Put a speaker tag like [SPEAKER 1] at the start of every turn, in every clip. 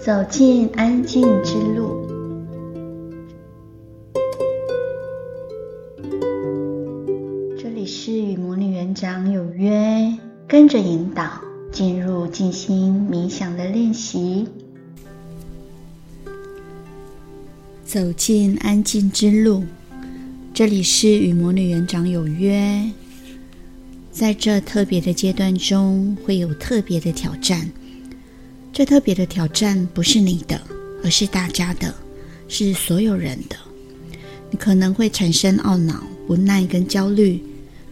[SPEAKER 1] 走進安靜之路，這裡是與魔女園長有約，跟着引導進入靜心冥想的練習。走進安靜之路，這裡是與魔女園長有約，在這特別的階段中會有特別的挑戰。最特別的挑戰不是你的，而是大家的，是所有人的。你可能會產生懊惱、不耐跟焦慮，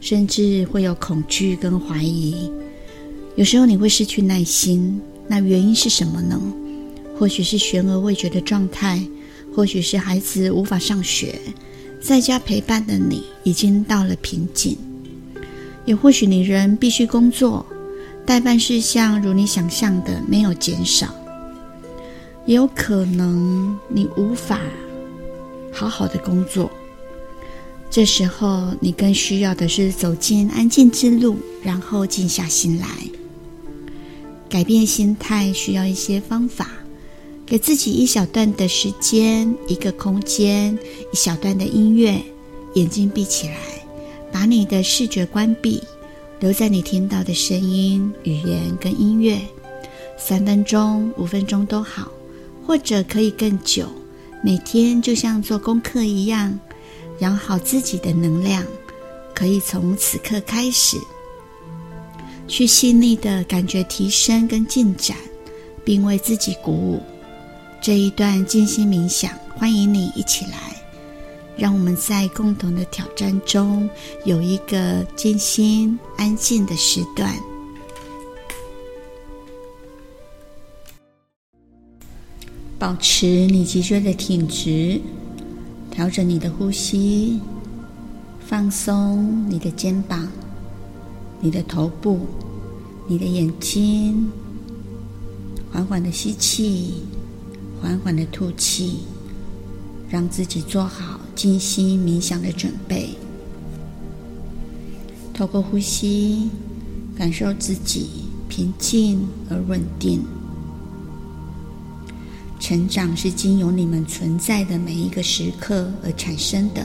[SPEAKER 1] 甚至會有恐懼跟懷疑。有時候你會失去耐心，那原因是什麼呢？或許是懸而未決的狀態，或許是孩子無法上學，在家陪伴的你已經到了瓶頸，也或許你仍必須工作。代辦事項如你想象的沒有減少，也有可能你無法好好的工作。這時候你更需要的是走進安靜之路，然後靜下心來，改變心態需要一些方法，給自己一小段的時間、一個空間、一小段的音樂，眼睛閉起來，把你的視覺關閉。留在你聽到的聲音、語言跟音樂，三分鐘、五分鐘都好，或者可以更久。每天就像做功課一樣，養好自己的能量，可以從此刻開始，去細膩的感覺提升跟進展，並為自己鼓舞。這一段靜心冥想，歡迎你一起來。讓我們在共同的挑戰中有一個靜心安靜的時段，保持你脊椎的挺直，調整你的呼吸，放鬆你的肩膀、你的頭部、你的眼睛，緩緩的吸氣，緩緩的吐氣，讓自己坐好。靜心冥想的準備，透過呼吸，感受自己平靜而穩定。成長是經由你們存在的每一個時刻而產生的。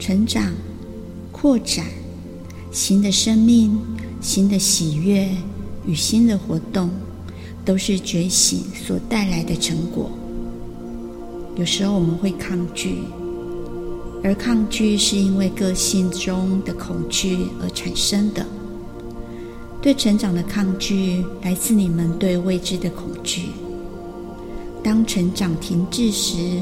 [SPEAKER 1] 成長、擴展、新的生命、新的喜悅與新的活動，都是覺醒所帶來的成果。有時候我們會抗拒，而抗拒是因為個性中的恐懼而產生的。對成長的抗拒來自你們對未知的恐懼。當成長停滯時，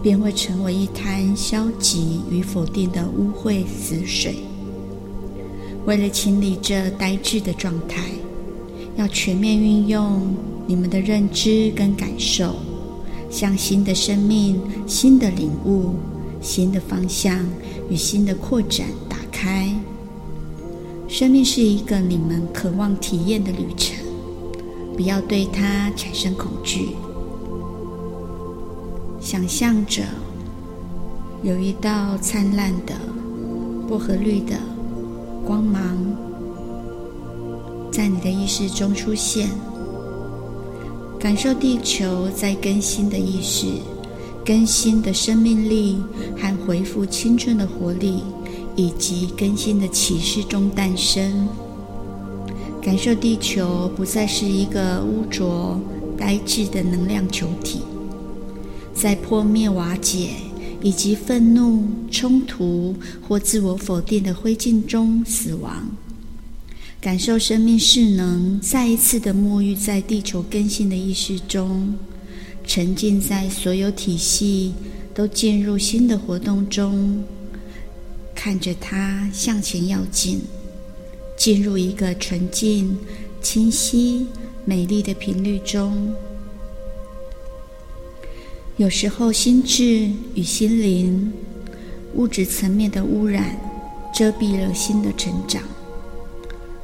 [SPEAKER 1] 便會成為一灘消極與否定的污穢死水。為了清理這呆滯的狀態，要全面運用你們的認知跟感受。將新的生命、新的領悟、新的方向與新的擴展打開。生命是一個你們渴望體驗的旅程，不要對它產生恐懼。想象着有一道燦爛的薄荷綠的光芒在你的意識中出現。感受地球在更新的意識、更新的生命力和回復青春的活力，以及更新的啟示中誕生。感受地球不再是一個污濁、呆滯的能量球體，在破滅、瓦解以及憤怒、衝突或自我否定的灰燼中死亡。感受生命勢能，再一次的沐浴在地球更新的意識中，沉浸在所有體系都進入新的活動中，看着它向前躍進，進入一個純淨、清晰、美麗的頻率中。有時候，心智與心靈物質層面的污染，遮蔽了新的成長。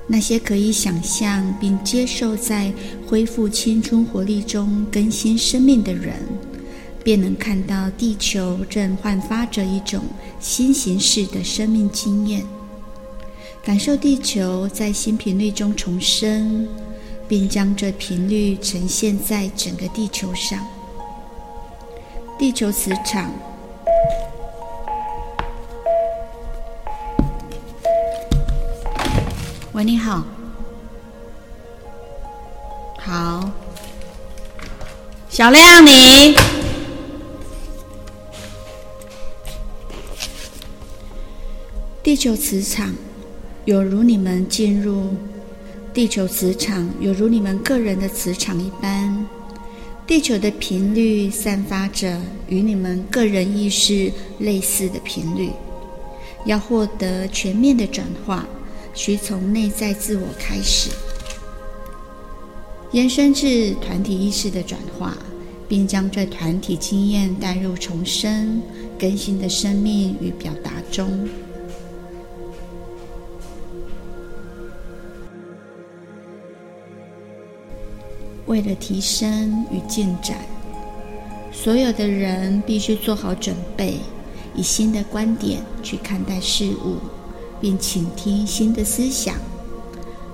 [SPEAKER 1] 那些可以想象並接受在恢復青春活力中更新生命的人，便能看到地球正煥發着一種新形式的生命經驗，感受地球在新頻率中重生，並將這頻率呈現在整個地球上。地球磁場。你好，好，小亮，你，地球磁場有如你們進入地球磁場有如你們個人的磁場一般，地球的頻率散發着與你們個人意識類似的頻率，要獲得全面的轉化。需從內在自我開始，延伸至團體意識的轉化，並將這團體經驗帶入重生、更新的生命與表達中。為了提升與進展，所有的人必須做好準備，以新的觀點去看待事物。並傾聽新的思想，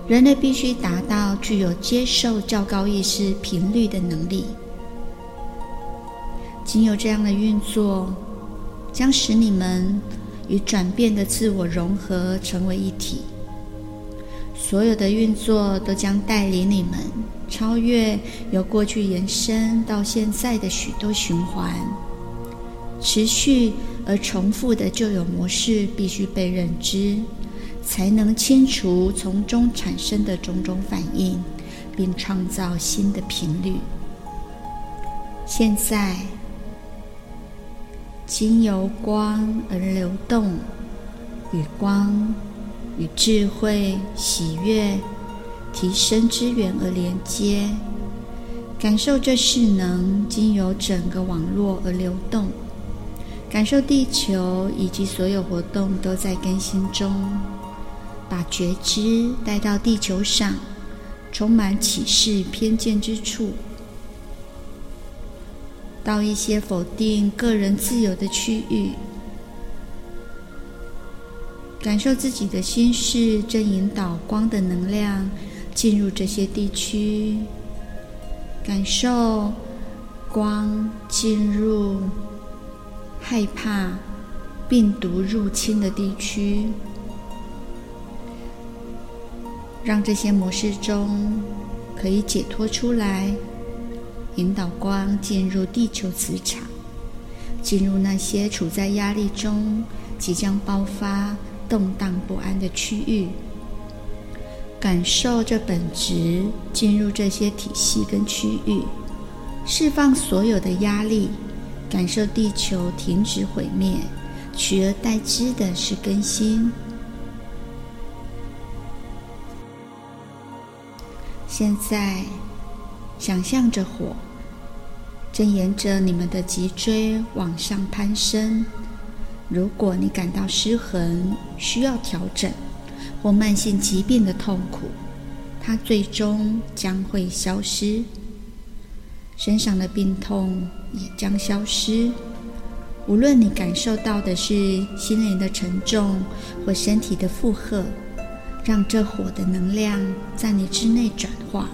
[SPEAKER 1] 人類必須達到具有接受較高意識頻率的能力。僅有這樣的運作，將使你們與轉變的自我融合成為一體。所有的運作都將帶領你們超越由過去延伸到現在的許多循環。持續而重複的舊有模式必須被認知，才能清除從中產生的種種反應，並創造新的頻率。現在，經由光而流動，與光、與智慧、喜悅提升資源而連接，感受這勢能經由整個網絡而流動。感受地球以及所有活動都在更新中，把覺知帶到地球上，充滿歧視偏見之處，到一些否定個人自由的區域，感受自己的心事正引導光的能量進入這些地區，感受光進入。害怕病毒入侵的地區，讓這些模式中可以解脫出來，引導光進入地球磁場，進入那些處在壓力中、即將爆發、動盪不安的區域，感受這本質進入這些體系跟區域，釋放所有的壓力。感受地球停止毀滅，取而代之的是更新。現在，想象着火正沿着你們的脊椎往上攀升。如果你感到失衡，需要調整，或慢性疾病的痛苦，它最終將會消失。身上的病痛也將消失。無論你感受到的是心靈的沉重或身體的負荷，讓這火的能量在你之內轉化，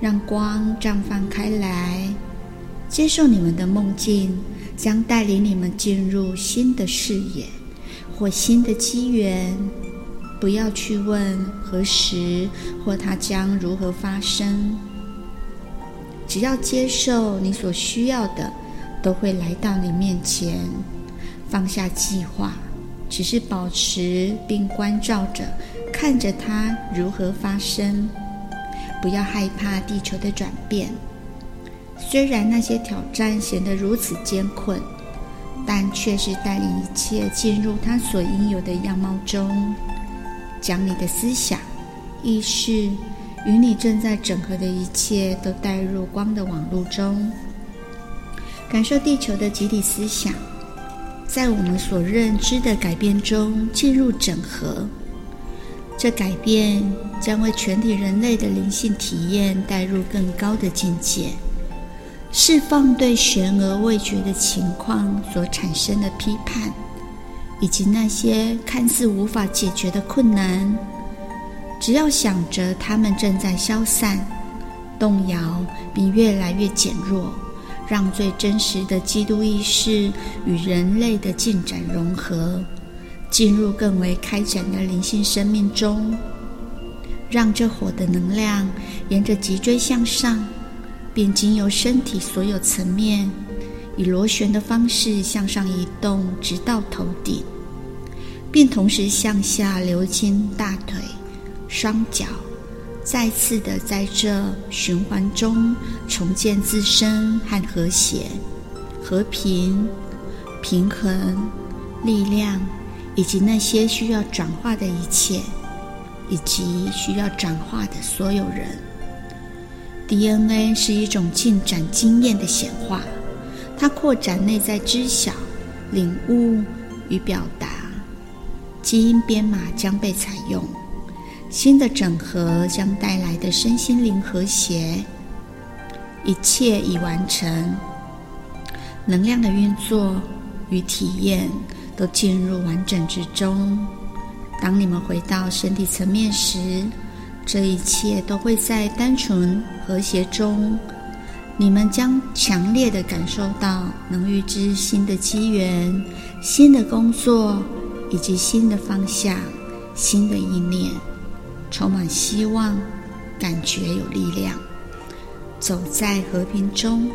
[SPEAKER 1] 讓光綻放開來。接受你們的夢境將帶領你們進入新的視野或新的機緣。不要去問何時或它將如何發生。只要接受你所需要的，都會來到你面前。放下計劃，只是保持並關照着，看着它如何發生。不要害怕地球的轉變，雖然那些挑戰顯得如此艱困，但卻是帶領一切進入它所應有的樣貌中。將你的思想、意識。與你正在整合的一切都帶入光的網路中，感受地球的集體思想，在我們所認知的改變中進入整合。這改變將為全體人類的靈性體驗帶入更高的境界，釋放對懸而未決的情況所產生的批判，以及那些看似無法解決的困難。只要想着它們正在消散、動搖，並越來越減弱，讓最真實的基督意識與人類的進展融合，進入更為開展的靈性生命中，讓這火的能量沿着脊椎向上，並經由身體所有層面，以螺旋的方式向上移動，直到頭頂，並同時向下流經大腿。雙腳再次的在這循環中重建自身和和諧、和平、平衡、力量，以及那些需要轉化的一切，以及需要轉化的所有人。DNA 是一種進展經驗的顯化，它擴展內在知曉、領悟與表達。基因編碼將被採用。新的整合將帶來的身心靈和諧，一切已完成。能量的運作與體驗都進入完整之中。當你們回到身體層面時，這一切都會在單純和諧中。你們將強烈地感受到能預知新的機緣，新的工作以及新的方向，新的意念。充滿希望，感覺有力量，走在和平中。